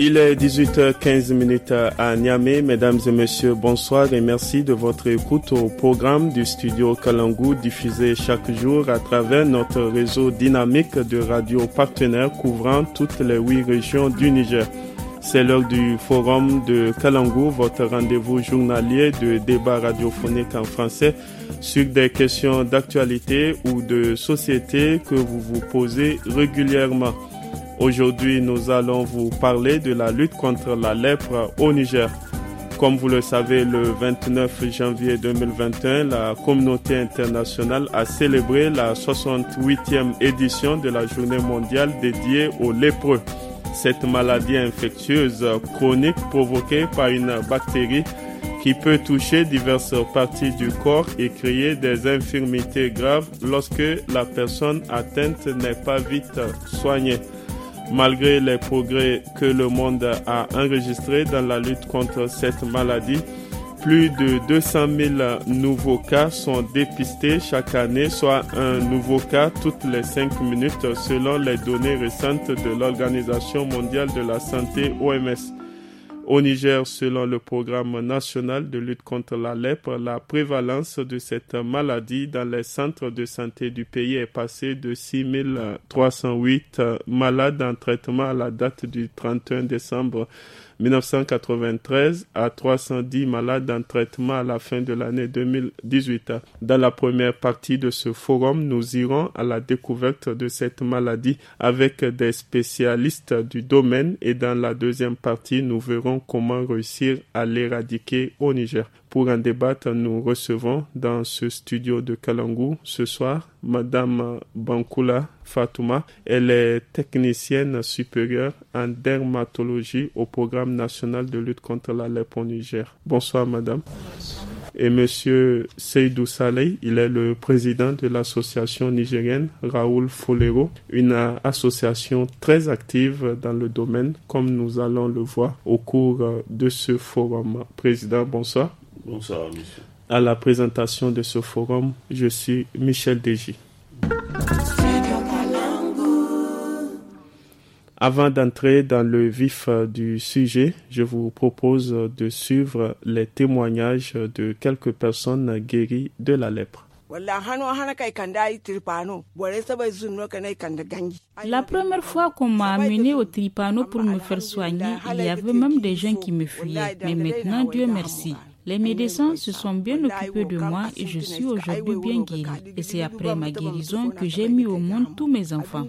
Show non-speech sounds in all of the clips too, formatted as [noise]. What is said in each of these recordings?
Il est 18h15 à Niamey. Mesdames et messieurs, bonsoir et merci de votre écoute au programme du studio Kalangou diffusé chaque jour à travers notre réseau dynamique de radios partenaires couvrant toutes les huit régions du Niger. C'est l'heure du forum de Kalangou, votre rendez-vous journalier de débat radiophonique en français sur des questions d'actualité ou de société que vous vous posez régulièrement. Aujourd'hui, nous allons vous parler de la lutte contre la lèpre au Niger. Comme vous le savez, le 29 janvier 2021, la communauté internationale a célébré la 68e édition de la journée mondiale dédiée aux lépreux. Cette maladie infectieuse chronique provoquée par une bactérie qui peut toucher diverses parties du corps et créer des infirmités graves lorsque la personne atteinte n'est pas vite soignée. Malgré les progrès que le monde a enregistrés dans la lutte contre cette maladie, plus de 200 000 nouveaux cas sont dépistés chaque année, soit un nouveau cas toutes les 5 minutes selon les données récentes de l'Organisation mondiale de la santé OMS. Au Niger, selon le programme national de lutte contre la lèpre, la prévalence de cette maladie dans les centres de santé du pays est passée de 6308 malades en traitement à la date du 31 décembre 1993 à 310 malades en traitement à la fin de l'année 2018. Dans la première partie de ce forum, nous irons à la découverte de cette maladie avec des spécialistes du domaine et dans la deuxième partie, nous verrons comment réussir à l'éradiquer au Niger. Pour un débat, nous recevons dans ce studio de Kalangou ce soir Madame Bankula Fatouma. Elle est technicienne supérieure en dermatologie au programme national de lutte contre la lèpre au Niger. Bonsoir Madame. Et Monsieur Seydou Saleh, il est le président de l'association nigérienne Raoul Folero, une association très active dans le domaine, comme nous allons le voir au cours de ce forum. Président, bonsoir. Bonsoir, monsieur. À la présentation de ce forum, je suis Michel Deji. Avant d'entrer dans le vif euh, du sujet, je vous propose de suivre les témoignages de quelques personnes guéries de la lèpre. La première fois qu'on m'a amené au Tripano pour me faire soigner, il y avait même des gens qui me fuyaient. Mais maintenant, Dieu merci, les médecins se sont bien occupés de moi et je suis aujourd'hui bien guéri. Et c'est après ma guérison que j'ai mis au monde tous mes enfants.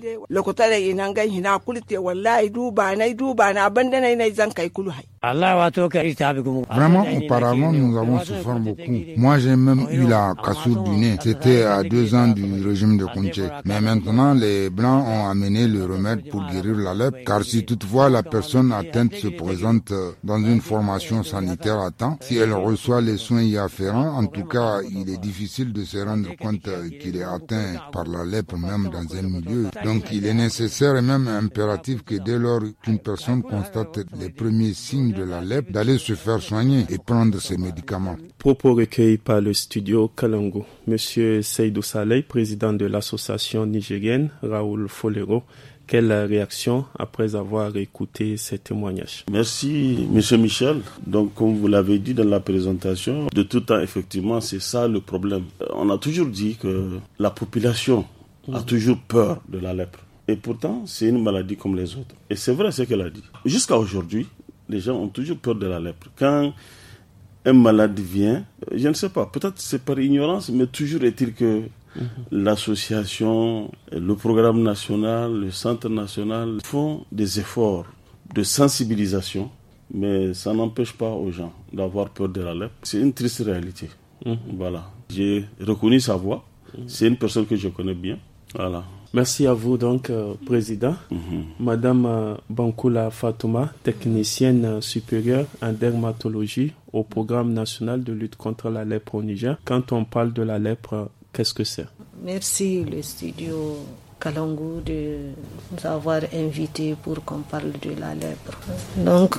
Vraiment, auparavant, nous avons souffert beaucoup. Moi, j'ai même eu la cassure du nez. C'était à deux ans du régime de Kunche. Mais maintenant, les Blancs ont amené le remède pour guérir la lèpre, car si toutefois la personne atteinte se présente dans une formation sanitaire à temps, si elle reçoit les soins y afférents. En tout cas, il est difficile de se rendre compte qu'il est atteint par la lèpre même dans un milieu. Donc il est nécessaire et même impératif que dès lors qu'une personne constate les premiers signes de la lèpre, d'aller se faire soigner et prendre ses médicaments. Propos recueillis par le studio Kalangu. Monsieur Seydou Saleh, président de l'association nigérienne Raoul Folero. Quelle réaction après avoir écouté ces témoignages Merci, Monsieur Michel. Donc, comme vous l'avez dit dans la présentation, de tout temps, effectivement, c'est ça le problème. Euh, on a toujours dit que la population a toujours peur de la lèpre. Et pourtant, c'est une maladie comme les autres. Et c'est vrai ce qu'elle a dit. Jusqu'à aujourd'hui, les gens ont toujours peur de la lèpre. Quand un malade vient, euh, je ne sais pas, peut-être c'est par ignorance, mais toujours est-il que Mhm. l'association, le programme national, le centre national font des efforts de sensibilisation, mais ça n'empêche pas aux gens d'avoir peur de la lèpre. C'est une triste réalité. Mhm. Voilà. J'ai reconnu sa voix. Mhm. C'est une personne que je connais bien. Voilà. Merci à vous donc, euh, Président. Madame Bankula euh, Bankoula Fatouma, technicienne euh, supérieure en dermatologie au programme national de lutte contre la lèpre au Niger. Quand on parle de la lèpre, Qu'est-ce que c'est Merci le studio Kalangu de nous avoir invités pour qu'on parle de la lèpre. Donc,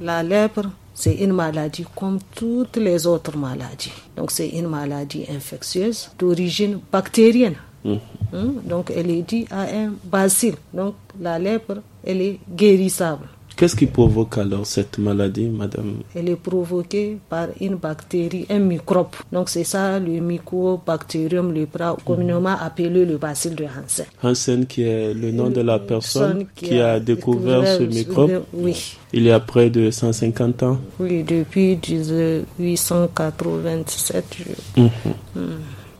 la lèpre, c'est une maladie comme toutes les autres maladies. Donc, c'est une maladie infectieuse d'origine bactérienne. Hum. Hum, donc, elle est due à un bacille. Donc, la lèpre, elle est guérissable. Qu'est-ce qui provoque alors cette maladie, madame Elle est provoquée par une bactérie, un microbe. Donc c'est ça le mycobacterium lepra, mhm. communément appelé le bacille de Hansen. Hansen qui est le nom de la personne qui, a, découvert, ce microbe. oui. Il y a près de 150 ans. Oui, depuis 1887.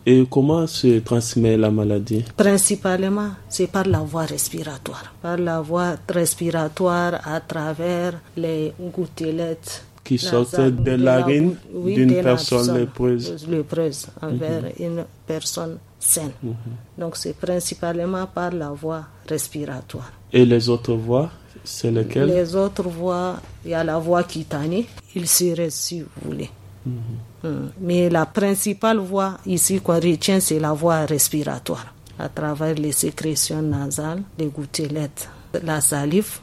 Et comment se transmet la maladie Principalement, c'est par la voie respiratoire. Par la voie respiratoire à travers les gouttelettes qui sortent de la d'une personne lépreuse. Euh, lépreuse envers mhm. une personne saine. Mhm. Donc c'est principalement par la voie respiratoire. Et les autres voies c'est lesquelles Les autres voies, il y a la voie cutanée, il serait si vous voulez. Mhm. Euh, mais la principale voie ici qu'on retient, c'est la voie respiratoire, à travers les sécrétions nasales, les gouttelettes, la salive.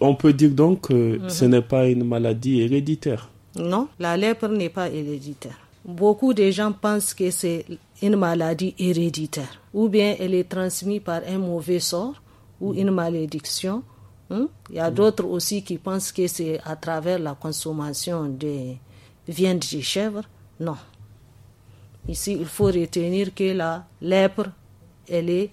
On peut dire donc que mhm. ce n'est pas une maladie héréditaire. Non, la lèpre n'est pas héréditaire. Beaucoup de gens pensent que c'est une maladie héréditaire, ou bien elle est transmise par un mauvais sort ou une malédiction. Hmm? Il y a mhm. d'autres aussi qui pensent que c'est à travers la consommation des viennent des chèvres. Non. Ici, il faut retenir que la lèpre, elle est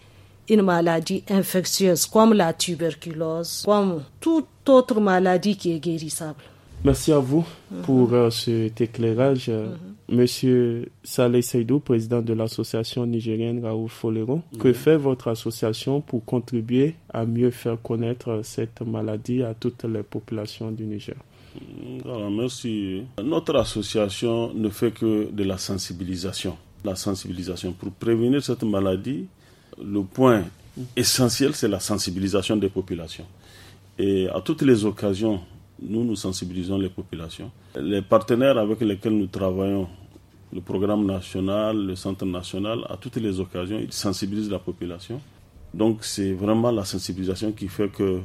une maladie infectieuse, comme la tuberculose, comme toute autre maladie qui est guérissable. Merci à vous pour euh, cet éclairage. Euh, mhm. Monsieur Saleh Seydou, président de l'association nigérienne Raoul Folero, que mhm. fait votre association pour contribuer à mieux faire connaître euh, cette maladie à toutes les populations du Niger merci. Notre association ne fait que de la sensibilisation. La sensibilisation pour prévenir cette maladie, le point essentiel, c'est la sensibilisation des populations. Et à toutes les occasions, nous, nous sensibilisons les populations. Les partenaires avec lesquels nous travaillons, le programme national, le centre national, à toutes les occasions, ils sensibilisent la population. Donc c'est vraiment la sensibilisation qui fait que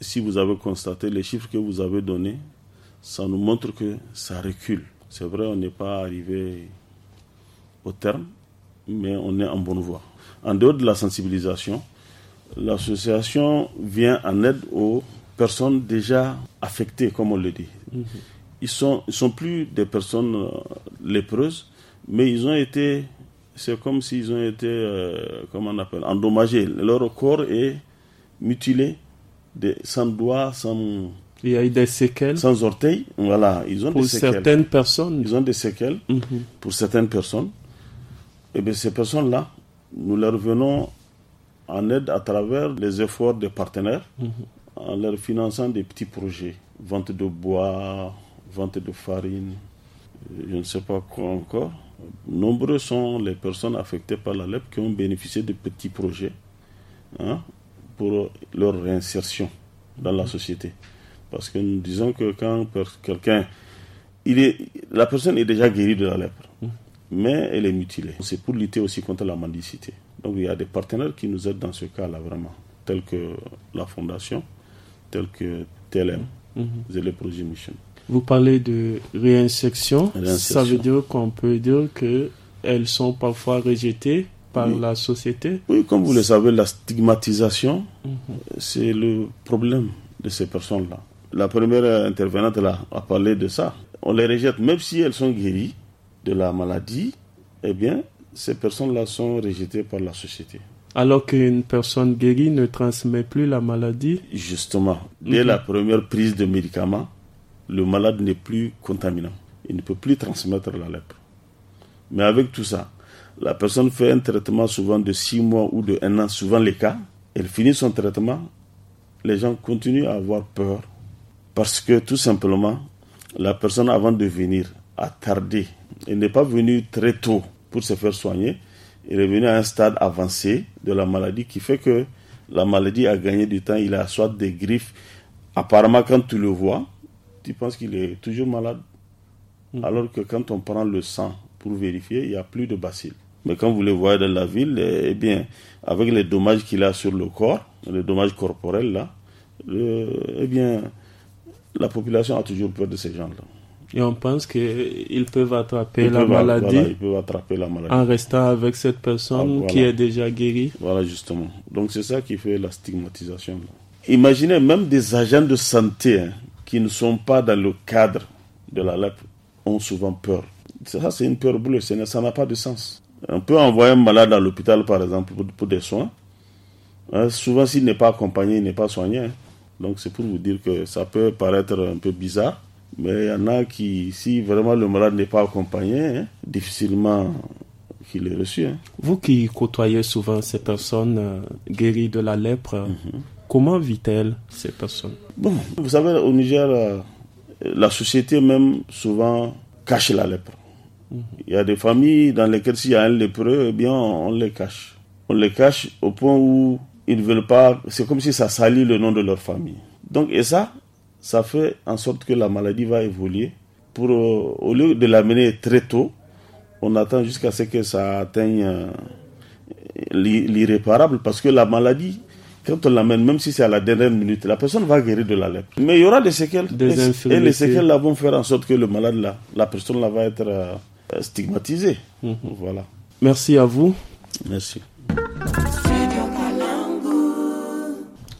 si vous avez constaté les chiffres que vous avez donnés, ça nous montre que ça recule. C'est vrai, on n'est pas arrivé au terme, mais on est en bonne voie. En dehors de la sensibilisation, l'association vient en aide aux personnes déjà affectées, comme on le dit. Mhm. Ils sont, sont plus des personnes euh, lépreuses, mais ils ont été, c'est comme s'ils ont été, euh, comment on appelle, endommagés. Leur corps est mutilé sans doigts, sans. des séquelles. Sans orteils, voilà, ils ont des séquelles. Pour certaines personnes. Ils ont des séquelles mhm. pour certaines personnes. Et eh bien ces personnes-là, nous leur venons en aide à travers les efforts des partenaires, mhm. en leur finançant des petits projets, vente de bois, vente de farine, je ne sais pas quoi encore. Nombreux sont les personnes affectées par la lèpre qui ont bénéficié de petits projets. Hein, pour leur réinsertion dans la société. Parce que nous disons que quand quelqu'un, il est, la personne est déjà guérie de la lèpre, mais elle est mutilée. C'est pour lutter aussi contre la mendicité. Donc il y a des partenaires qui nous aident dans ce cas-là vraiment, tels que la fondation, tels que TLM, mhm. les Mission. Vous parlez de réinsertion. réinsertion. Ça veut dire qu'on peut dire que elles sont parfois rejetées la société Oui, comme vous le savez, la stigmatisation, mhm. euh, c'est le problème de ces personnes-là. La première intervenante là, a parlé de ça. On les rejette, même si elles sont guéries de la maladie, eh bien, ces personnes-là sont rejetées par la société. Alors qu'une personne guérie ne transmet plus la maladie Justement, dès la mhm. première prise de médicaments, le malade n'est plus contaminant. Il ne peut plus transmettre la lèpre. Mais avec tout ça, la personne fait un traitement souvent de six mois ou de un an, souvent les cas. Elle finit son traitement. Les gens continuent à avoir peur parce que tout simplement, la personne avant de venir a tardé. Elle n'est pas venue très tôt pour se faire soigner. Elle est venue à un stade avancé de la maladie qui fait que la maladie a gagné du temps. Il a soit des griffes. Apparemment, quand tu le vois, tu penses qu'il est toujours malade. Mm. Alors que quand on prend le sang pour vérifier, il n'y a plus de bacilles. Mais quand vous les voyez dans la ville, eh, eh bien, avec les dommages qu'il a sur le corps, les dommages corporels là, euh, eh bien, la population a toujours peur de ces gens-là. Et on pense qu'ils peuvent attraper la maladie. ils peuvent attraper la maladie. En restant avec cette personne ah, qui est déjà guérie. Voilà, justement. Donc c'est ça qui fait la stigmatisation. Imaginez même des agents de santé hein, qui ne sont pas dans le cadre de la lèpre ont souvent peur. Ça, c'est une peur bleue. Ça n'a pas de sens. On peut envoyer un malade à l'hôpital, par exemple, pour, des soins. Hein, souvent, s'il n'est pas accompagné, il n'est pas soigné. Hein. Donc, c'est pour vous dire que ça peut paraître un peu bizarre. Mais il y en a qui, si vraiment le malade n'est pas accompagné, hein, difficilement qu'il est reçu. Vous qui côtoyez souvent ces personnes euh, guéries de la lèpre, mhm. comment vit-elle ces personnes Bon, vous savez, au Niger, euh, la société même souvent cache la lèpre. Il y a des familles dans lesquelles s'il y a un lépreux, eh bien, on les cache. On les cache au point où ils ne veulent pas. C'est comme si ça salit le nom de leur famille. Donc, et ça, ça fait en sorte que la maladie va évoluer. Pour, euh, au lieu de l'amener très tôt, on attend jusqu'à ce que ça atteigne euh, l'irréparable parce que la maladie, quand on l'amène, même si c'est à la dernière minute, la personne va guérir de la lèpre. Mais il y aura des séquelles. et, les séquelles vont faire en sorte que le malade là, la personne là va être. Euh, euh, stigmatisé, mhm. Voilà. Merci à vous. Merci.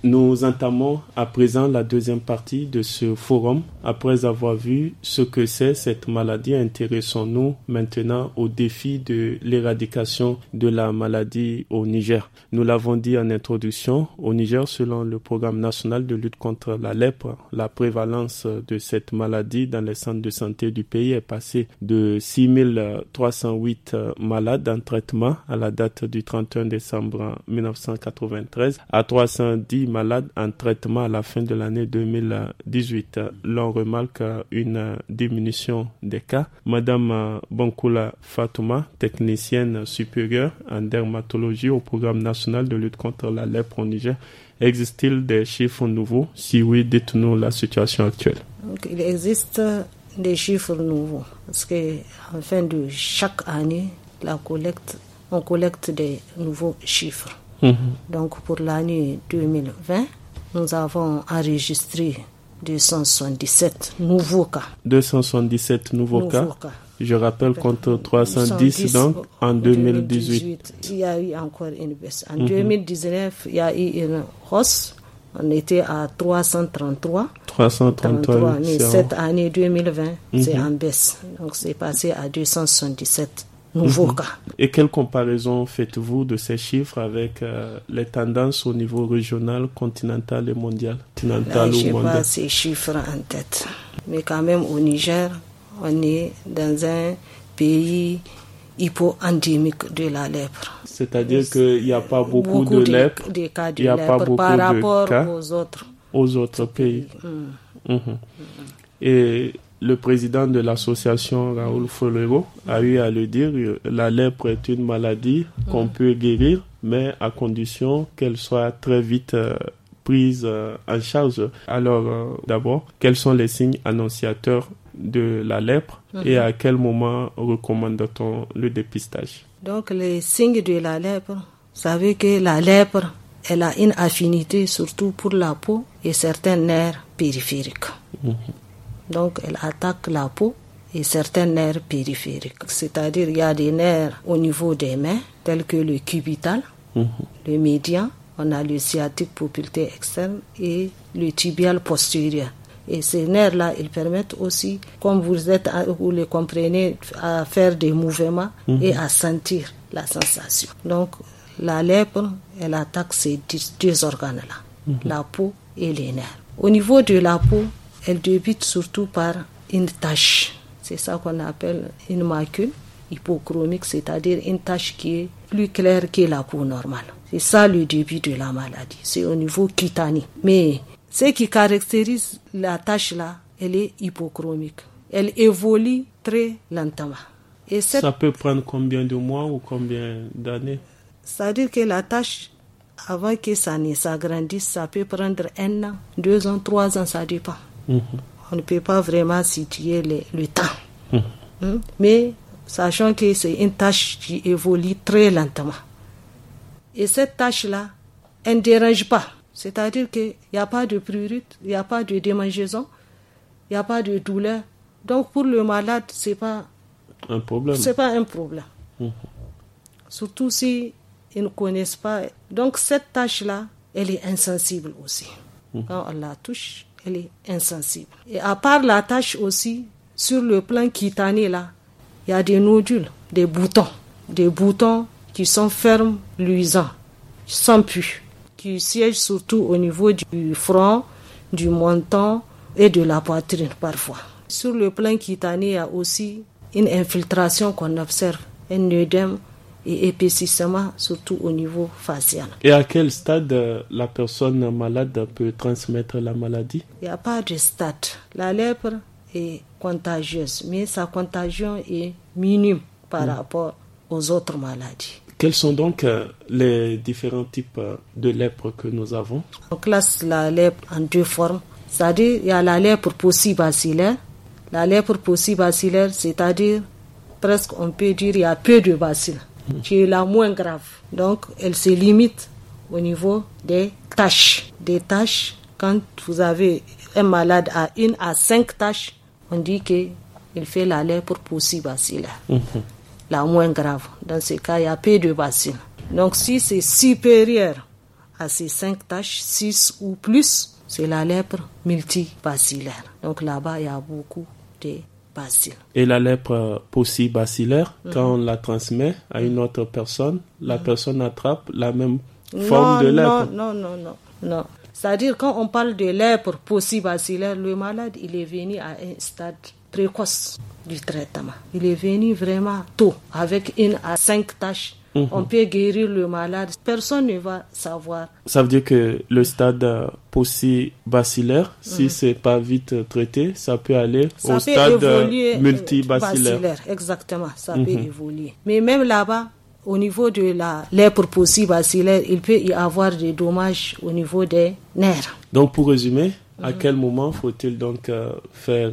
Nous entamons à présent la deuxième partie de ce forum. Après avoir vu ce que c'est cette maladie, intéressons-nous maintenant au défi de l'éradication de la maladie au Niger. Nous l'avons dit en introduction, au Niger, selon le programme national de lutte contre la lèpre, la prévalence de cette maladie dans les centres de santé du pays est passée de 6308 malades en traitement à la date du 31 décembre 1993 à 310 malades malades en traitement à la fin de l'année 2018. L'on remarque une diminution des cas. Madame Bankula Fatouma, technicienne supérieure en dermatologie au programme national de lutte contre la lèpre au Niger, existe-t-il des chiffres nouveaux Si oui, dites-nous la situation actuelle. il existe des chiffres nouveaux parce que en fin de chaque année, la collecte, on collecte des nouveaux chiffres. Mhm. Donc pour l'année 2020, nous avons enregistré 277 nouveaux cas. 277 nouveaux, cas. Je rappelle contre 310 donc en 2018. Il y a eu encore une baisse. En 2019, mhm. il y a eu une hausse. On était à 333. 333. mais cette année 2020, c'est mhm. en baisse. Donc c'est passé à 277 cas. Mhm. Et quelle comparaison faites-vous de ces chiffres avec euh, les tendances au niveau régional, continental et mondial Je n'ai pas ces chiffres en tête. Mais quand même, au Niger, on est dans un pays hypo-endémique de la lèpre. C'est-à-dire qu'il n'y a pas beaucoup, de, lèpre. a pas par rapport aux autres, aux autres pays. Mm. Mhm. Et le président de l'association Raoul Folero a eu à le dire, la lèpre est une maladie qu'on peut guérir, mais à condition qu'elle soit très vite euh, prise euh, en charge. Alors euh, d'abord, quels sont les signes annonciateurs de la lèpre et à quel moment recommande-t-on le dépistage Donc les signes de la lèpre, vous savez que la lèpre, elle a une affinité surtout pour la peau et certains nerfs périphériques. Mhm. Donc elle attaque la peau et certains nerfs périphériques. C'est-à-dire il y a des nerfs au niveau des mains, tels que le cubital, mhm. le médian, on a le sciatique poplité externe et le tibial postérieur. Et ces nerfs-là, ils permettent aussi, comme vous êtes, vous les comprenez, à faire des mouvements mhm. et à sentir la sensation. Donc, la lèpre, elle attaque ces deux organes-là, mhm. la peau et les nerfs. Au niveau de la peau, elle débute surtout par une tache. C'est ça qu'on appelle une macule hypochromique, c'est-à-dire une tache qui est plus claire que la peau normale. C'est ça le début de la maladie. C'est au niveau cutané. Mais ce qui caractérise la tache là, elle est hypochromique. Elle évolue très lentement. Et Ça peut prendre combien de mois ou combien d'années C'est-à-dire que la tâche, avant que ça ne s'agrandisse, ça peut prendre un an, deux ans, trois ans, ça dépend. On ne peut pas vraiment situer le temps. Mm-hmm. Hmm? Mais sachant que c'est une tâche qui évolue très lentement. Et cette tâche-là, elle ne dérange pas. C'est-à-dire qu'il n'y a pas de prurite, il n'y a pas de démangeaison, il n'y a pas de douleur. Donc pour le malade, ce pas un problème. C'est pas un problème. Mm-hmm. Surtout si ils ne connaissent pas. Donc cette tâche-là, elle est insensible aussi. Mm-hmm. Quand on la touche, elle est insensible. Et à part la tâche aussi, sur le plan cutané là, il y a des nodules, des boutons, des boutons qui sont fermes, luisants, sans pu, qui siègent surtout au niveau du front, du menton et de la poitrine parfois. Sur le plan cutané, il y a aussi une infiltration qu'on observe, un œdème et épaississement, surtout au niveau facial. Et à quel stade euh, la personne malade peut transmettre la maladie Il n'y a pas de stade. La lèpre est contagieuse, mais sa contagion est minime par mm. rapport aux autres maladies. Quels sont donc euh, les différents types euh, de lèpre que nous avons On classe la lèpre en deux formes. C'est-à-dire, il y a la lèpre possibacillaire. La lèpre possibacillaire, c'est-à-dire, presque on peut dire, il y a peu de bacilles qui est la moins grave. Donc, elle se limite au niveau des tâches. Des tâches, quand vous avez un malade à une à cinq tâches, on dit qu'il fait la lèpre possible mhm. La moins grave. Dans ce cas, il y a peu de bacilles. Donc, si c'est supérieur à ces cinq tâches, six ou plus, c'est la lèpre multibacillaire. Donc là-bas, il y a beaucoup de et la lèpre possibacillaire, mhm. quand on la transmet à une mhm. autre personne, la mhm. personne attrape la même forme de lèpre. Non, non, non, non. non. C'est-à-dire, quand on parle de lèpre possibacillaire, le malade, il est venu à un stade précoce du traitement. Il est venu vraiment tôt, avec une à cinq tâches Mhm. On peut guérir le malade. Personne ne va savoir. Ça veut dire que le stade euh, post-bacillaire, mhm. si c'est pas vite euh, traité, ça peut aller au stade euh, multibacillaire. Exactement, ça mhm. peut évoluer. Mais même là-bas, au niveau de la lèpre bacillaire il peut y avoir des dommages au niveau des nerfs. Donc, pour résumer, à quel moment faut-il donc faire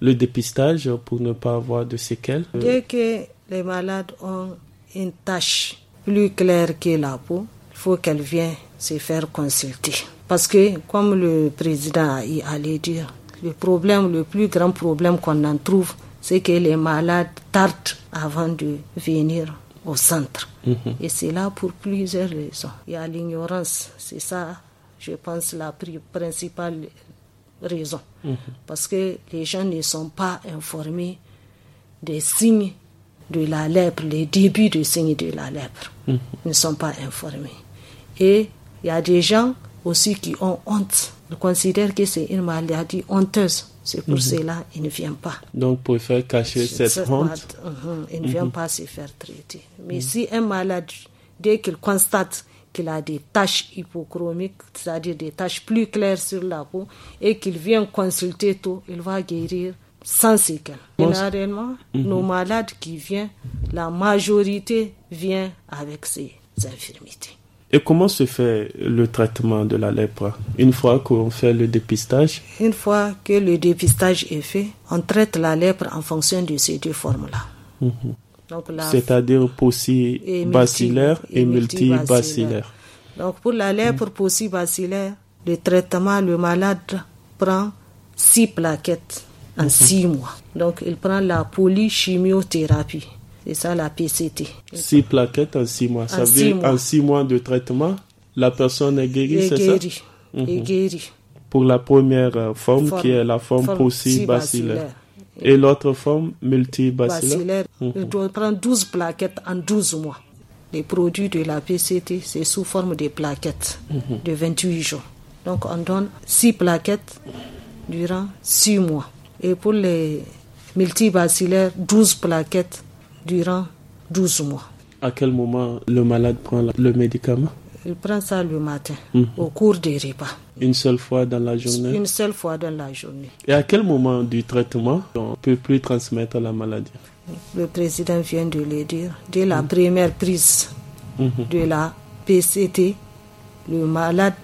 le dépistage pour ne pas avoir de séquelles Dès que les malades ont une tâche plus claire que la peau, il faut qu'elle vienne se faire consulter. Parce que, comme le président allait dire, le problème, le plus grand problème qu'on en trouve, c'est que les malades tardent avant de venir au centre. Mhm. Et c'est là pour plusieurs raisons. Il y a l'ignorance, c'est ça, je pense, la principale raison. Mhm. Parce que les gens ne sont pas informés des signes de la lèpre, les débuts du signe de la lèpre, mm. ne sont pas informés. Et il y a des gens aussi qui ont honte, ils considèrent que c'est une maladie honteuse. C'est pour mm-hmm. cela qu'ils ne viennent pas. Donc, pour faire cacher cette, honte, mm-hmm, ils ne viennent mm-hmm. pas se faire traiter. Mais si un malade, dès qu'il constate qu'il a des taches hypochromiques, c'est-à-dire des taches plus claires sur la peau, et qu'il vient consulter tout, il va guérir sans séquelles. Généralement, mhm. nos malades qui viennent, la majorité vient avec ces infirmités. Et comment se fait le traitement de la lèpre Une fois qu'on fait le dépistage Une fois que le dépistage est fait, on traite la lèpre en fonction de ces deux formes-là. Mhm. C'est-à-dire possibacillaire et, et multibacillaire. Donc pour la lèpre mhm. possible bacillaire le traitement, le malade prend six plaquettes en mhm. six mois. Donc, il prend la polychimiothérapie. C'est ça la PCT. Six plaquettes en six mois. ça veut dire en six mois de traitement, la personne est guérie, c'est ça? Mhm. Est guérie. Pour la première euh, forme, qui est la forme, forme bacillaire. Et l'autre forme multibacillaire. Mhm. Il doit prendre 12 plaquettes en 12 mois. Les produits de la PCT, c'est sous forme de plaquettes de 28 jours. Donc on donne six plaquettes durant 6 mois. Et pour les multibacillaires, 12 plaquettes durant 12 mois. À quel moment le malade prend le médicament Il prend ça le matin, mhm. au cours des repas. Une seule fois dans la journée Une seule fois dans la journée. Et à quel moment du traitement on ne peut plus transmettre la maladie Le président vient de le dire. Dès la mhm. première prise mhm. de la PCT, le malade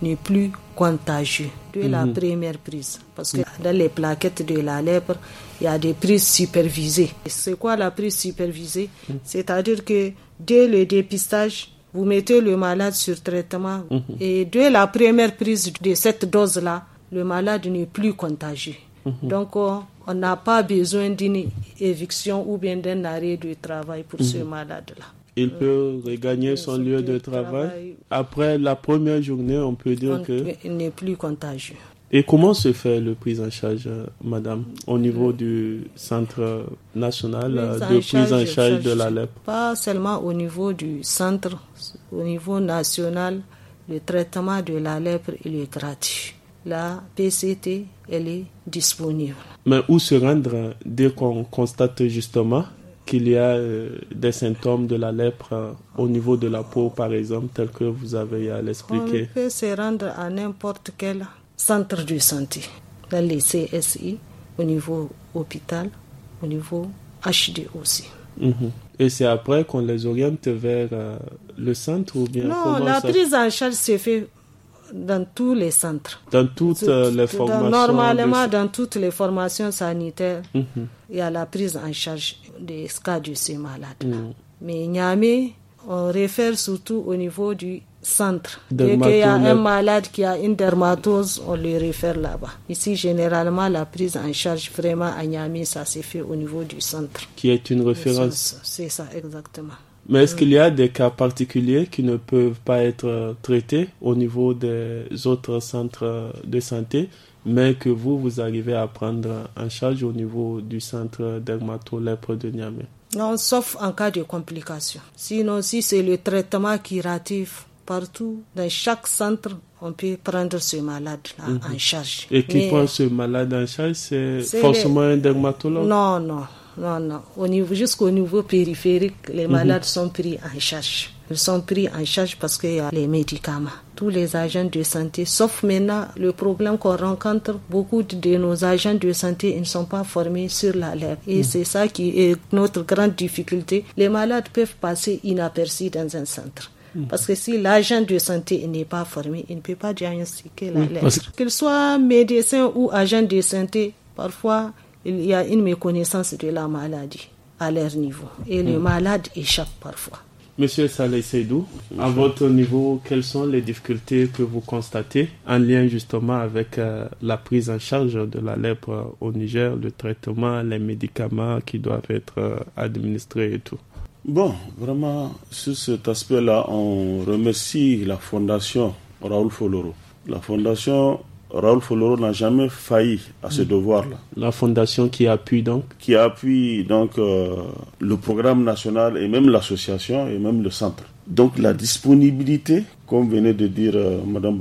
n'est plus contagieux dès la mhm. première prise. Parce que dans les plaquettes de la lèpre, il y a des prises supervisées. C'est quoi la prise supervisée mhm. C'est-à-dire que dès le dépistage, vous mettez le malade sur traitement mhm. et dès la première prise de cette dose-là, le malade n'est plus contagieux. Donc, on n'a pas besoin d'une éviction ou bien d'un arrêt de travail pour ce malade-là il peut regagner son lieu de travail. Après la première journée, on peut dire que... Il n'est plus contagieux. Et comment se fait le prise en charge, euh, madame, au niveau du Centre national euh, de prise en charge de la lèpre Pas seulement au niveau du centre, au niveau national, le traitement de la lèpre, il est gratuit. La PCT, elle est disponible. Mais où se rendre euh, dès qu'on constate justement qu'il y a euh, des symptômes de la lèpre euh, au niveau de la peau, par exemple, tel que vous avez à l'expliquer. On peut se rendre à n'importe quel centre de santé, dans les CSI, au niveau hôpital, au niveau HD aussi. Mhm. Et c'est après qu'on les oriente vers euh, le centre ou bien Non, la ça... prise en charge se fait dans tous les centres. Dans toutes euh, les formations. normalement, dans toutes les formations sanitaires, mhm. il y a la prise en charge des cas de ces malades. Mhm. Mais Niamey, on réfère surtout au niveau du centre. Dès qu'il y a un malade qui a une dermatose, on le réfère là-bas. Ici, généralement, la prise en charge vraiment à Niamey, ça s'est fait au niveau du centre. Qui est une référence. C'est ça, exactement. Mais est-ce qu'il y a des cas particuliers qui ne peuvent pas être euh, traités au niveau des autres centres euh, de santé, mais que vous, vous arrivez à prendre en charge au niveau du centre dermatolèpre de Niamey Non, sauf en cas de complication. Sinon, si c'est le traitement curatif partout, dans chaque centre, on peut prendre ce malade-là mhm. en charge. Et qui prend ce malade en charge, c'est forcément un dermatologue Non, non non, non. Au niveau, jusqu'au niveau périphérique, les mhm. malades sont pris en charge. Ils sont pris en charge parce qu'il y a les médicaments. Tous les agents de santé, sauf maintenant le problème qu'on rencontre, beaucoup de nos agents de santé ils ne sont pas formés sur la lèvre. Et mhm. c'est ça qui est notre grande difficulté. Les malades peuvent passer inaperçus dans un centre. Mhm. Parce que si l'agent de santé n'est pas formé, il ne peut pas diagnostiquer la lèvre. Qu'il soit médecin ou agent de santé, parfois il y a une méconnaissance de la maladie à leur niveau. Et le hmm. malade échappe parfois. Monsieur Saleh Seydou, à votre niveau, quelles sont les difficultés que vous constatez en lien justement avec euh, la prise en charge de la lèpre euh, au Niger, le traitement, les médicaments qui doivent être euh, administrés et tout Bon, vraiment, sur cet aspect-là, on remercie la Fondation Raoul Foloro. La Fondation Raoul Foloro n'a jamais failli à ce mm. devoir-là. La fondation qui appuie donc Qui appuie donc euh, le programme national et même l'association et même le centre. Donc la disponibilité, comme venait de dire euh, Madame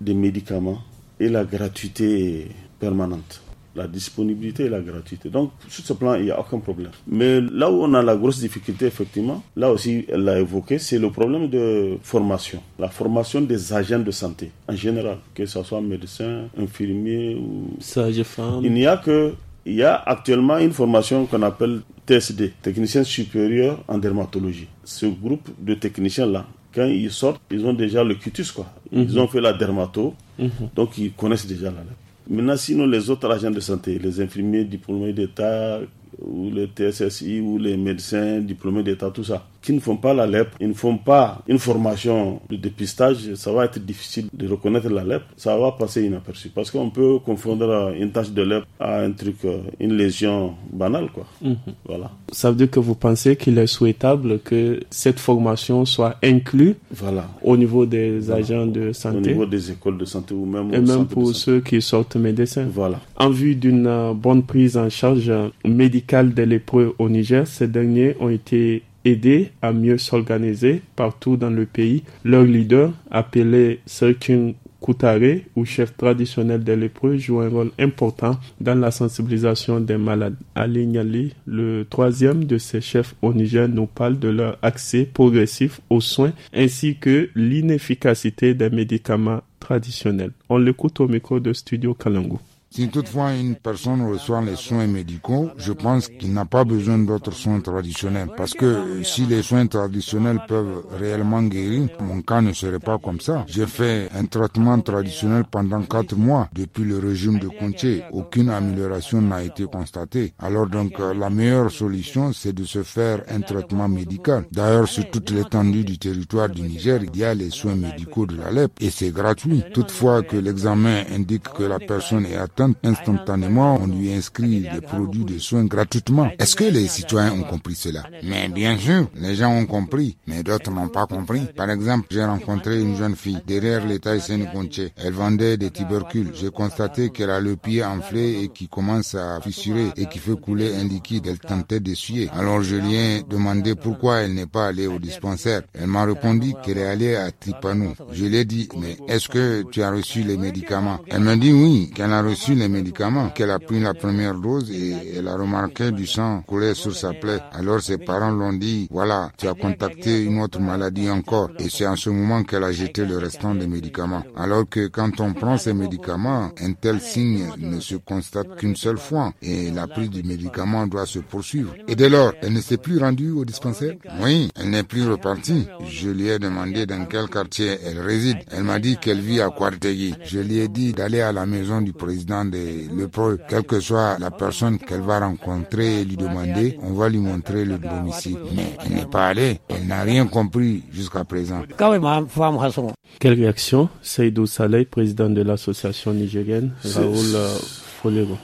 des médicaments et la gratuité permanente la disponibilité et la gratuité. Donc, sur ce plan, il n'y a aucun problème. Mais là où on a la grosse difficulté, effectivement, là aussi, elle l'a évoqué, c'est le problème de formation. La formation des agents de santé, en général, que ce soit médecin, infirmier ou... Sage-femme. Il n'y a que... Il y a actuellement une formation qu'on appelle TSD, technicien supérieur en dermatologie. Ce groupe de techniciens-là, quand ils sortent, ils ont déjà le cutus, quoi. Ils mhm. ont fait la dermato, mhm. donc ils connaissent déjà la Maintenant, sinon, les autres agents de santé, les infirmiers diplômés d'État, ou les TSSI, ou les médecins diplômés d'État, tout ça, qui ne font pas la lèpre, ils ne font pas une formation de dépistage, ça va être difficile de reconnaître la lèpre, ça va passer inaperçu. Parce qu'on peut confondre une tache de lèpre à un truc, euh, une lésion banale, quoi. Mhm. Voilà. Ça veut dire que vous pensez qu'il est souhaitable que cette formation soit inclue voilà. au niveau des agents de santé. Au niveau des écoles de santé ou même Et même pour ceux qui sortent médecins. Voilà. En vue d'une euh, bonne prise en charge médicale de l'épreuve au Niger, ces derniers ont été aider à mieux s'organiser partout dans le pays. Leur leader, appelé Serkin Koutare ou chef traditionnel des lépreux, joue un rôle important dans la sensibilisation des malades. Ali le troisième de ces chefs au nous parle de leur accès progressif aux soins ainsi que l'inefficacité des médicaments traditionnels. On l'écoute au micro de Studio Kalango. Si toutefois une personne reçoit les soins médicaux, je pense qu'il n'a pas besoin d'autres soins traditionnels. Parce que si les soins traditionnels peuvent réellement guérir, mon cas ne serait pas comme ça. J'ai fait un traitement traditionnel pendant quatre mois depuis le régime de Contier. Aucune amélioration n'a été constatée. Alors donc, euh, la meilleure solution, c'est de se faire un traitement médical. D'ailleurs, sur toute l'étendue du territoire du Niger, il y a les soins médicaux de l'Alep et c'est gratuit. Toutefois que l'examen indique que la personne est atteinte instantanément, on lui inscrit des produits de soins gratuitement. Est-ce que les citoyens ont compris cela Mais bien sûr, les gens ont compris, mais d'autres n'ont pas compris. Par exemple, j'ai rencontré une jeune fille derrière l'état gontier Elle vendait des tubercules. J'ai constaté qu'elle a le pied enflé et qui commence à fissurer et qui fait couler un liquide. Elle tentait d'essuyer. Alors je lui ai demandé pourquoi elle n'est pas allée au dispensaire. Elle m'a répondu qu'elle est allée à Tripanou. Je lui ai dit, mais est-ce que tu as reçu les médicaments Elle m'a dit oui, qu'elle a reçu les médicaments, qu'elle a pris la première dose et elle a remarqué du sang couler sur sa plaie. Alors ses parents l'ont dit, voilà, tu as contacté une autre maladie encore. Et c'est en ce moment qu'elle a jeté le restant des médicaments. Alors que quand on prend ces médicaments, un tel signe ne se constate qu'une seule fois et la prise du médicament doit se poursuivre. Et dès lors, elle ne s'est plus rendue au dispensaire Oui, elle n'est plus repartie. Je lui ai demandé dans quel quartier elle réside. Elle m'a dit qu'elle vit à Quartegui. Je lui ai dit d'aller à la maison du président de l'épreuve. quelle que soit la personne qu'elle va rencontrer et lui demander, on va lui montrer le domicile. Mais elle n'est pas allée, elle n'a rien compris jusqu'à présent. Hein, hein, quelle réaction Seydou Saleh, président de l'association nigérienne, Raoul euh, Folego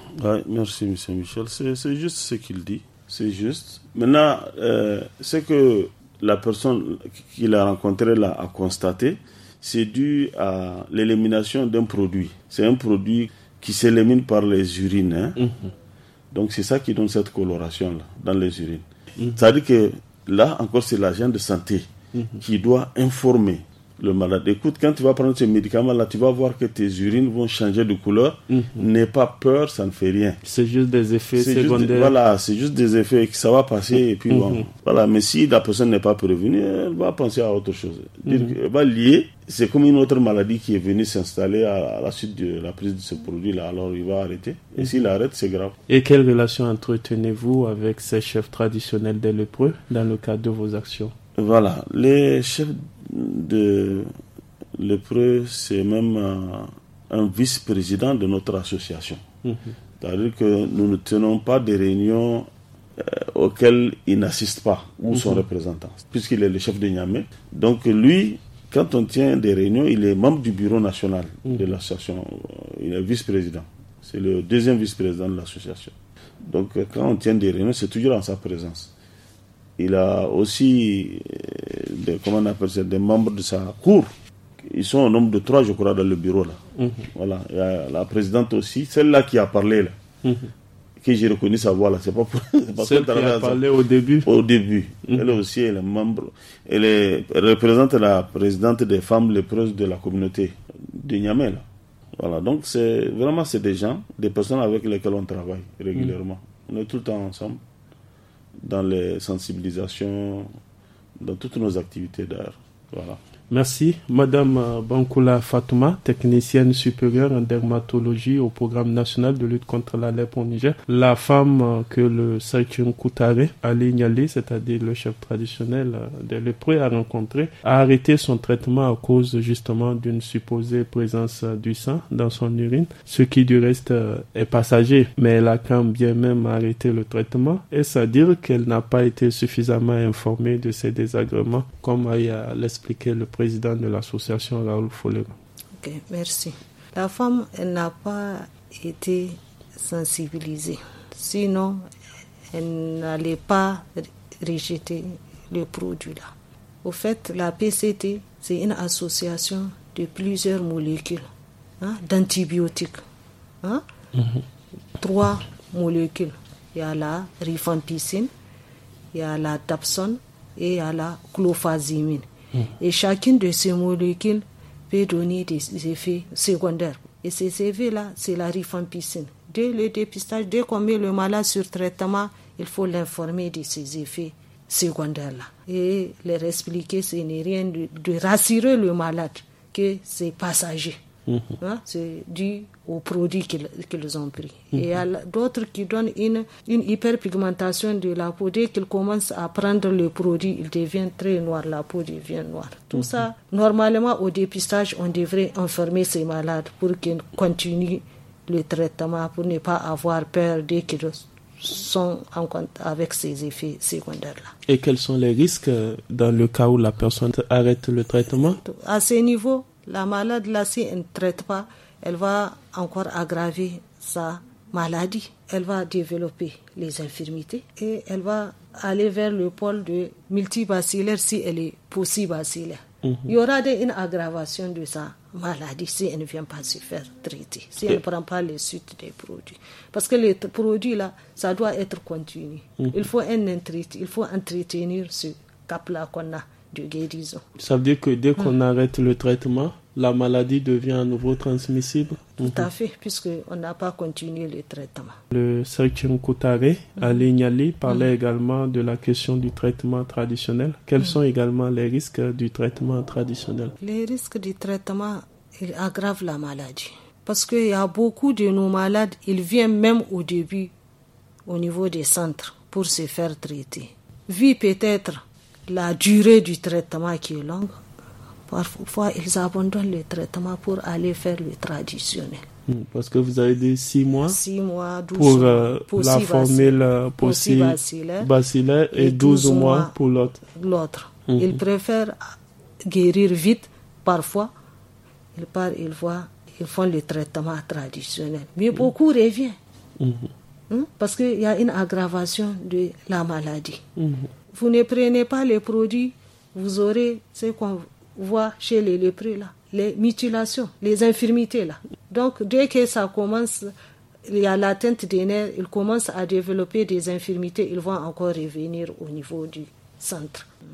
merci, monsieur Michel. C'est juste ce qu'il dit. C'est juste. Maintenant, euh, ce que la personne qu'il a rencontrée là a constaté, c'est dû à l'élimination d'un produit. C'est un produit qui s'élimine par les urines. Hein. Mhm. Donc c'est ça qui donne cette coloration-là dans les urines. ça mhm. C'est-à-dire que là encore, c'est l'agent de santé mhm. qui doit informer le malade. Écoute, quand tu vas prendre ce médicament-là, tu vas voir que tes urines vont changer de couleur. N'aie pas peur, ça ne fait rien. C'est juste des effets secondaires. voilà, c'est juste des effets que ça va passer et puis Voilà, mais si la personne n'est pas prévenue, elle va penser à autre chose. Elle va lier c'est comme une autre maladie qui est venue s'installer à, la suite de la prise de ce produit-là. Alors il va arrêter. Et s'il arrête, c'est grave. Et quelle relation entretenez-vous avec ces chefs traditionnels des lépreux dans le cadre de vos actions Voilà. Les chefs de lépreux, c'est même euh, un vice-président de notre association. Mhm. C'est-à-dire que nous ne tenons pas des réunions euh, auxquelles il n'assiste pas, ou son mhm. représentant, puisqu'il est le chef de Niamey. Donc lui, quand on tient des réunions, il est membre du bureau national mm. de l'association. Euh, il est vice-président. C'est le deuxième vice-président de l'association. Donc euh, quand on tient des réunions, c'est toujours en sa présence. Il a aussi, euh, des, appelle des membres de sa cour. Ils sont au nombre de trois, je crois, dans le bureau là. Mm-hmm. Voilà. la présidente aussi, celle-là qui a parlé là. Mm-hmm que j'ai reconnu sa voix là. C'est pas pour, [laughs] parce Celle qui a parlé au début. Au début. Elle mhm. aussi, elle est membre. Elle, représente la présidente des femmes lépreuses de la communauté de Niamey Voilà. Donc c'est vraiment c'est des gens, des personnes avec lesquelles on travaille régulièrement. Mhm. On est tout le temps ensemble dans les sensibilisations, dans toutes nos activités d'art. Voilà. Merci. Madame euh, Bankula Fatuma, technicienne supérieure en dermatologie au programme national de lutte contre la lèpre au Niger. La femme euh, que le Saïtun Koutare, Ali Niali, c'est-à-dire le chef traditionnel euh, de lépreux, a rencontré, a arrêté son traitement à cause justement d'une supposée présence du sang dans son urine, ce qui du reste est passager. Mais elle a quand bien même arrêté le traitement. Est-ce à dire qu'elle n'a pas été suffisamment informée de ces désagréments, comme a l'expliqué le président de l'association Raoul Follet. Ok, merci. La femme, n'a pas été sensibilisée. Sinon, elle n'allait pas rejeter le produit-là. Au fait, la PCT, c'est une association de plusieurs molécules hein, d'antibiotiques. Hein. Mhm. Trois molécules. Il y a la rifampicine, il y a la dapsone et il y a la clofazimine. Mm. Et chacune de ces molécules peut donner des effets secondaires. Et ces effets-là, c'est la rifampicine. Dès le dépistage, dès qu'on met le malade sur traitement, il faut l'informer de ces effets secondaires-là. Et leur expliquer, ce n'est rien de, de rassurer le malade que c'est passager. Mhm. Hein, c'est dû aux produits qu'ils ont pris. Et il y a d'autres qui donnent une, une hyperpigmentation de la peau. Dès qu'ils commencent à prendre le produit, il devient très noir, la peau devient noire. Tout ça, mhm. normalement, au dépistage, on devrait enfermer ces malades pour qu'ils continuent le traitement, pour ne pas avoir peur dès qu'ils sont en compte avec ces effets secondaires-là. Et quels sont les risques euh, dans le cas où la personne arrête le traitement À ce niveau, la malade, là, si elle ne traite pas, elle va encore aggraver sa maladie. Elle va développer les infirmités et elle va aller vers le pôle de multibacillaire si elle est possibacillaire. Mhm. Il y aura une aggravation de sa maladie si elle ne vient pas se faire traiter, si elle ne prend pas les suites des produits. Parce que les produits, là, ça doit être continu. Mhm. Il faut un il faut entretenir ce cap-là qu'on a guérison. Ça veut dire que dès qu'on hmm. arrête le traitement, la maladie devient à nouveau transmissible Tout à mhm. fait, puisqu'on n'a pas continué le traitement. Le section Kotare, à parlait hmm. également de la question du traitement traditionnel. Quels hmm. sont également les risques du traitement traditionnel Les risques du traitement ils aggravent la maladie. Parce qu'il y a beaucoup de nos malades, ils viennent même au début, au niveau des centres, pour se faire traiter. Vu peut-être la durée du traitement qui est longue, parfois ils abandonnent le traitement pour aller faire le traditionnel. Hmm, parce que vous avez dit 6 mois, six mois pour euh, la formule euh, bacillaire et 12, mois pour l'autre. L'autre. Hmm. Ils préfèrent guérir vite, parfois. Ils partent, ils voient, ils font le traitement traditionnel. Mais hmm. beaucoup reviennent. Parce qu'il y a une aggravation de la maladie. Vous ne prenez pas les produits, vous aurez ce qu'on voit chez les lépreux là, les mutilations, les infirmités là. Donc dès que ça commence, il y a l'atteinte des nerfs, ils commencent à développer des infirmités, ils vont encore revenir au niveau du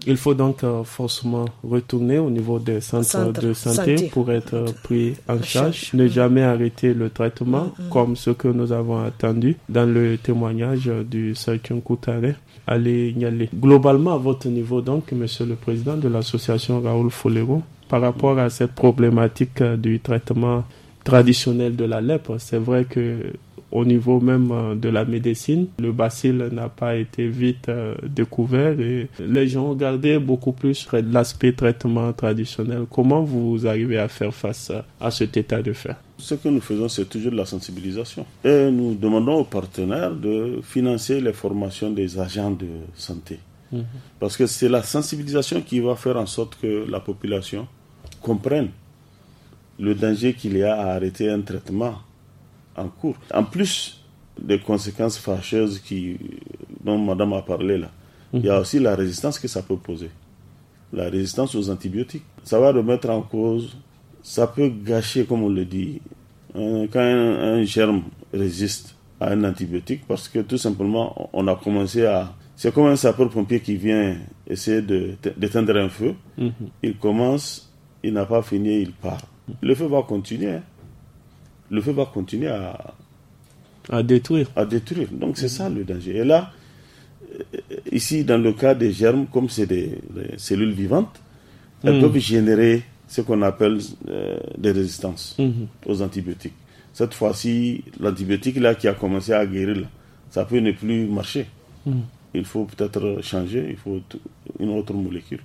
il faut donc euh, forcément retourner au niveau des centres de santé, pour être euh, pris en charge, ne mm. jamais arrêter le traitement, mm, mm. comme ce que nous avons attendu dans le témoignage euh, du Serkin Koutare. Allez Globalement, à votre niveau, donc, monsieur le président de l'association Raoul Folero, par rapport à cette problématique du traitement traditionnel de la lèpre, c'est vrai que au niveau même euh, de la médecine, le bacille n'a pas été vite euh, découvert et les gens regardaient beaucoup plus l'aspect traitement traditionnel. Comment vous arrivez à faire face euh, à cet état de fait ce que nous faisons, c'est toujours de la sensibilisation. Et nous demandons aux partenaires de financer les formations des agents de santé. Mhm. Parce que c'est la sensibilisation qui va faire en sorte que la population comprenne le danger qu'il y a à arrêter un traitement en cours. En plus des conséquences fâcheuses qui, dont Madame a parlé là, mhm. il y a aussi la résistance que ça peut poser. La résistance aux antibiotiques. Ça va remettre en cause, ça peut gâcher, comme on le dit, quand un, germe résiste à un antibiotique, parce que tout simplement, on a commencé à, c'est comme un sapeur-pompier qui vient essayer d'éteindre un feu. Mhm. Il commence, il n'a pas fini, il part. Le feu va continuer. Hein le feu va continuer à, à détruire. À détruire. Donc c'est ça le danger. Et là, euh, ici, dans le cas des germes, comme c'est des, cellules vivantes, elles hmm. peuvent générer ce qu'on appelle euh, des résistances hmm. aux antibiotiques. Cette fois-ci, l'antibiotique là qui a commencé à guérir, là, ça peut ne plus marcher. Hmm. Il faut peut-être changer, il faut une autre molécule.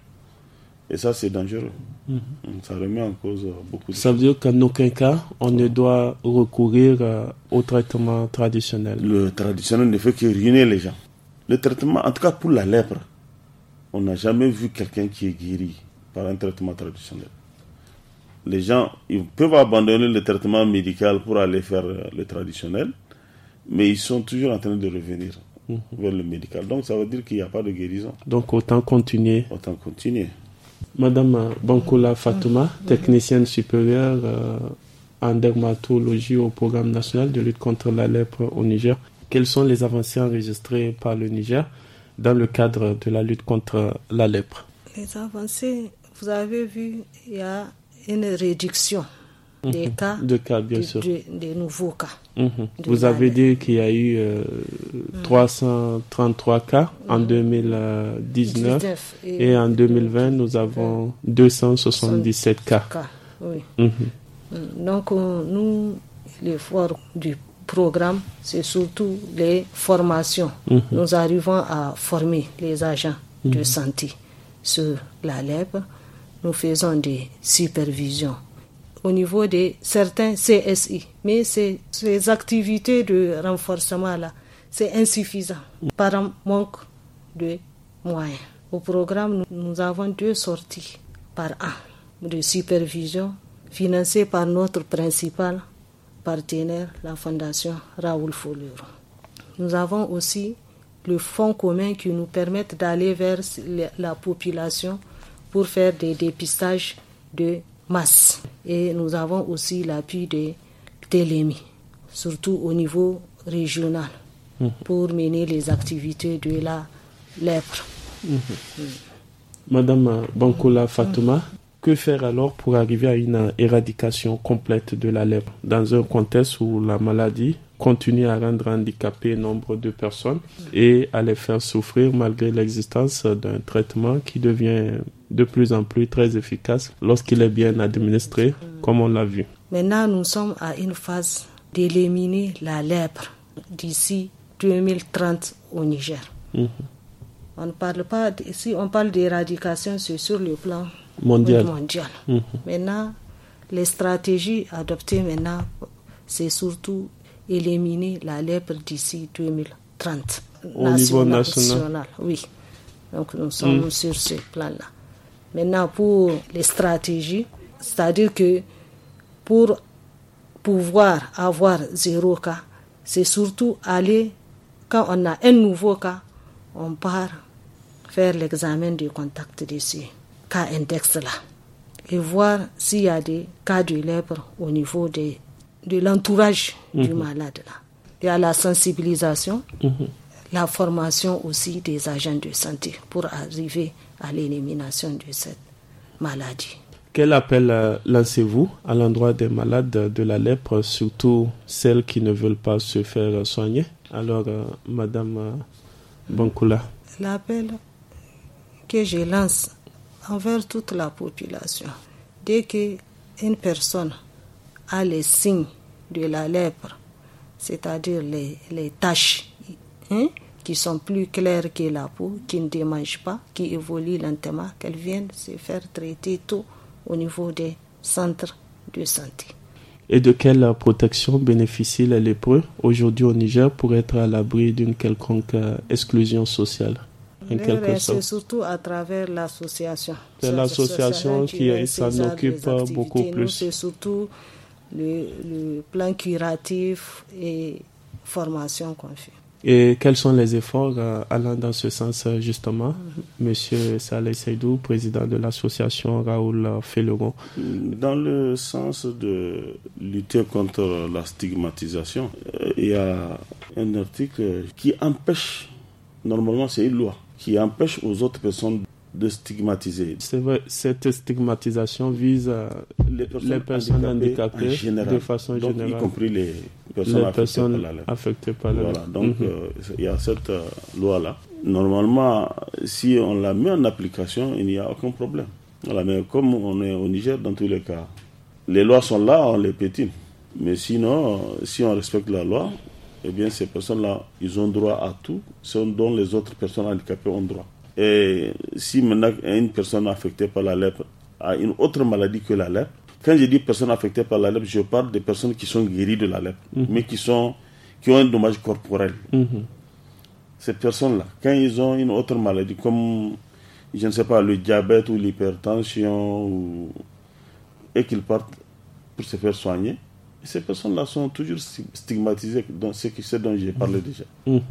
Et ça, c'est dangereux. Mhm. Ça remet en cause euh, beaucoup de Ça veut dire qu'en aucun cas, on ne doit recourir euh, au traitement traditionnel. Le traditionnel ne fait que ruiner les gens. Le traitement, en tout cas pour la lèpre, on n'a jamais vu quelqu'un qui est guéri par un traitement traditionnel. Les gens, ils peuvent abandonner le traitement médical pour aller faire euh, le traditionnel, mais ils sont toujours en train de revenir mhm. vers le médical. Donc ça veut dire qu'il n'y a pas de guérison. Donc autant continuer. Autant continuer. Madame euh, Bankula Fatouma, technicienne supérieure euh, en dermatologie au programme national de lutte contre la lèpre au Niger, quelles sont les avancées enregistrées par le Niger dans le cadre de la lutte contre la lèpre Les avancées, vous avez vu, il y a une réduction des mhm. cas, de cas sûr. des nouveaux cas. Mhm. Vous avez dit qu'il y a eu 333 euh, mhm. cas en 2019 et, en 2020, nous avons 277 cas. Mm. Donc, euh, nous, l'effort du programme, c'est surtout les formations. Nous arrivons à former les agents de santé sur la Nous faisons des supervisions au niveau de certains CSI. Mais ces, ces activités de renforcement-là, c'est insuffisant par manque de moyens. Au programme, nous, avons deux sorties par an de supervision financées par notre principal partenaire, la Fondation Raoul Folure. Nous avons aussi le fonds commun qui nous permet d'aller vers la population pour faire des dépistages de masse. Et nous avons aussi l'appui de Télémi, surtout au niveau régional, mhm. pour mener les activités de la lèpre. Mhm. Madame Bankola Fatouma, que faire alors pour arriver à une éradication complète de la lèpre dans un contexte où la maladie continue à rendre handicapé nombre de personnes et à les faire souffrir malgré l'existence d'un traitement qui devient de plus en plus très efficace lorsqu'il est bien administré, comme on l'a vu. Maintenant, nous sommes à une phase d'éliminer la lèpre d'ici 2030 au Niger. Mhm. On ne parle pas, si on parle d'éradication, c'est sur le plan mondial. mondial. Mhm. Maintenant, les stratégies adoptées maintenant, c'est surtout éliminer la lèpre d'ici 2030. Au niveau national. Oui. Donc nous sommes mhm. sur ce plan-là. Maintenant, pour les stratégies, c'est-à-dire que pour pouvoir avoir zéro cas, c'est surtout aller, quand on a un nouveau cas, on part faire l'examen du contact de ces cas index là, et voir s'il y a des cas de lèpre au niveau de l'entourage du mhm. malade là. Il y a la sensibilisation, mhm. la formation aussi des agents de santé pour arriver à l'élimination de cette maladie. Quel appel euh, lancez-vous à l'endroit des malades de la lèpre, surtout celles qui ne veulent pas se faire soigner Alors, euh, Madame euh, Bankoula. L'appel que je lance envers toute la population, dès qu'une personne a les signes de la lèpre, c'est-à-dire les, tâches, hein, qui sont plus claires que la peau, qui ne démangent pas, qui évoluent lentement, qu'elles viennent se faire traiter tout au niveau des centres de santé. Et de quelle protection bénéficient les lépreux aujourd'hui au Niger pour être à l'abri d'une quelconque euh, exclusion sociale c'est surtout à travers l'association. C'est l'association qui, s'en occupe euh, beaucoup plus. C'est surtout le, le plan curatif et formation qu'on fait. Et quels sont les efforts euh, allant dans ce sens, euh, justement mm-hmm. Monsieur Saleh Seydou, président de l'association Raoul euh, Felleron. Mm, dans le sens de lutter contre la stigmatisation, il y a un article qui empêche, normalement c'est une loi, qui empêche aux autres personnes de stigmatiser. C'est vrai, cette stigmatisation vise les personnes, handicapées, de façon Donc, générale. Y compris les personne les personnes affectées, par la lèpre. Voilà, donc mhm. euh, il y a cette euh, loi-là. Normalement, si on la met en application, il n'y a aucun problème. Voilà, mais comme on est au Niger, dans tous les cas, les lois sont là, on les pétine. Mais sinon, euh, si on respecte la loi, eh bien, ces personnes-là, ils ont droit à tout, ce dont les autres personnes handicapées ont droit. Et si maintenant une personne affectée par la lèpre a une autre maladie que la lèpre, quand je dis personnes affectées par la lèpre, je parle des personnes qui sont guéries de la lèpre, mhm. mais qui, sont, qui ont un dommage corporel. Mhm. Ces personnes-là, quand ils ont une autre maladie, comme, je ne sais pas, le diabète ou l'hypertension, et qu'ils partent pour se faire soigner, ces personnes-là sont toujours stigmatisées, dans ce dont j'ai parlé déjà. Elles mhm.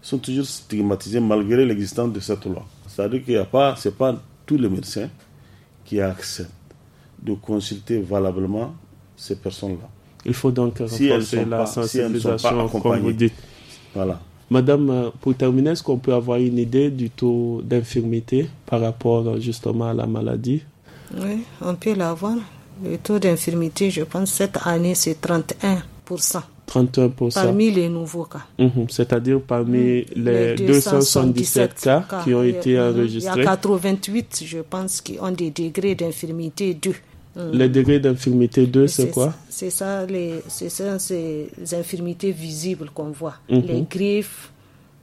sont toujours stigmatisées malgré l'existence de cette loi. C'est-à-dire qu'il n'y a pas, pas tous les médecins qui acceptent de consulter valablement ces personnes-là. Il faut donc si renforcer la pas, sensibilisation, Voilà. Madame, euh, pour terminer, est-ce qu'on peut avoir une idée du taux d'infirmité par rapport euh, justement à la maladie Oui, on peut l'avoir. Le taux d'infirmité, je pense, cette année, c'est 31%. Parmi les nouveaux cas. Mhm. C'est-à-dire parmi mhm. les, 277 cas, qui ont été enregistrés. Il y a 88, je pense, qui ont des degrés d'infirmité 2. Mhm. Les degrés d'infirmité 2, c'est quoi C'est ça, les, ça, ces infirmités visibles qu'on voit. Les griffes,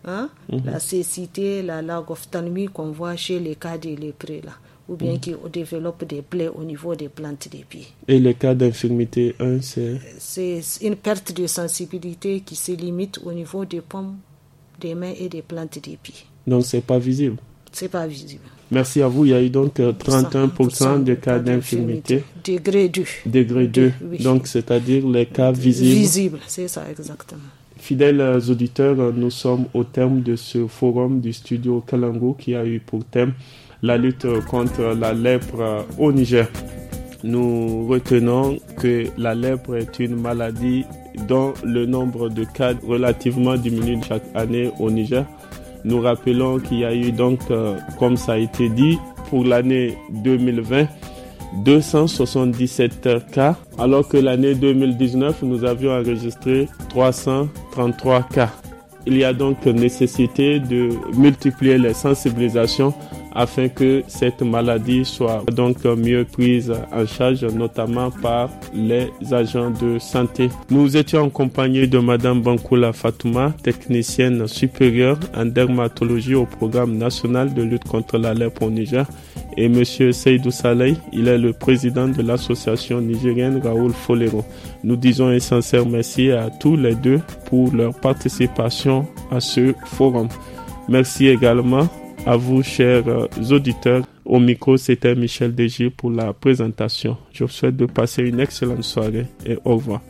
hein, la cécité, la lagophtalmie qu'on voit chez les cas de lépreux, là ou bien qui développent des plaies au niveau des plantes des pieds. Et le cas d'infirmité 1, c'est C'est une perte de sensibilité qui se limite au niveau des pommes, des mains et des plantes des pieds. Donc, c'est pas visible C'est pas visible. Merci à vous. Il y a eu donc 31% euh, de cas d'infirmité. Degré 2. Degré 2. Donc, c'est-à-dire les cas visibles. Visibles, c'est ça, exactement. Fidèles euh, auditeurs, euh, nous sommes au terme de ce forum du studio Kalango qui a eu pour thème la lutte contre la lèpre au Niger. Nous retenons que la lèpre est une maladie dont le nombre de cas relativement diminue chaque année au Niger. Nous rappelons qu'il y a eu donc, euh, comme ça a été dit, pour l'année 2020, 277 cas, alors que l'année 2019, nous avions enregistré 333 cas. Il y a donc nécessité de multiplier les sensibilisations afin que cette maladie soit donc mieux prise en charge, notamment par les agents de santé. Nous étions compagnie de Madame Bankoula Fatouma, technicienne supérieure en dermatologie au programme national de lutte contre la lèpre au Niger, et Monsieur Seydou Saleh, il est le président de l'association nigérienne Raoul Folero. Nous disons un sincère merci à tous les deux pour leur participation à ce forum. Merci également à vous, chers euh, auditeurs. Au micro, c'était Michel Degir pour la présentation. Je vous souhaite de passer une excellente soirée et au revoir.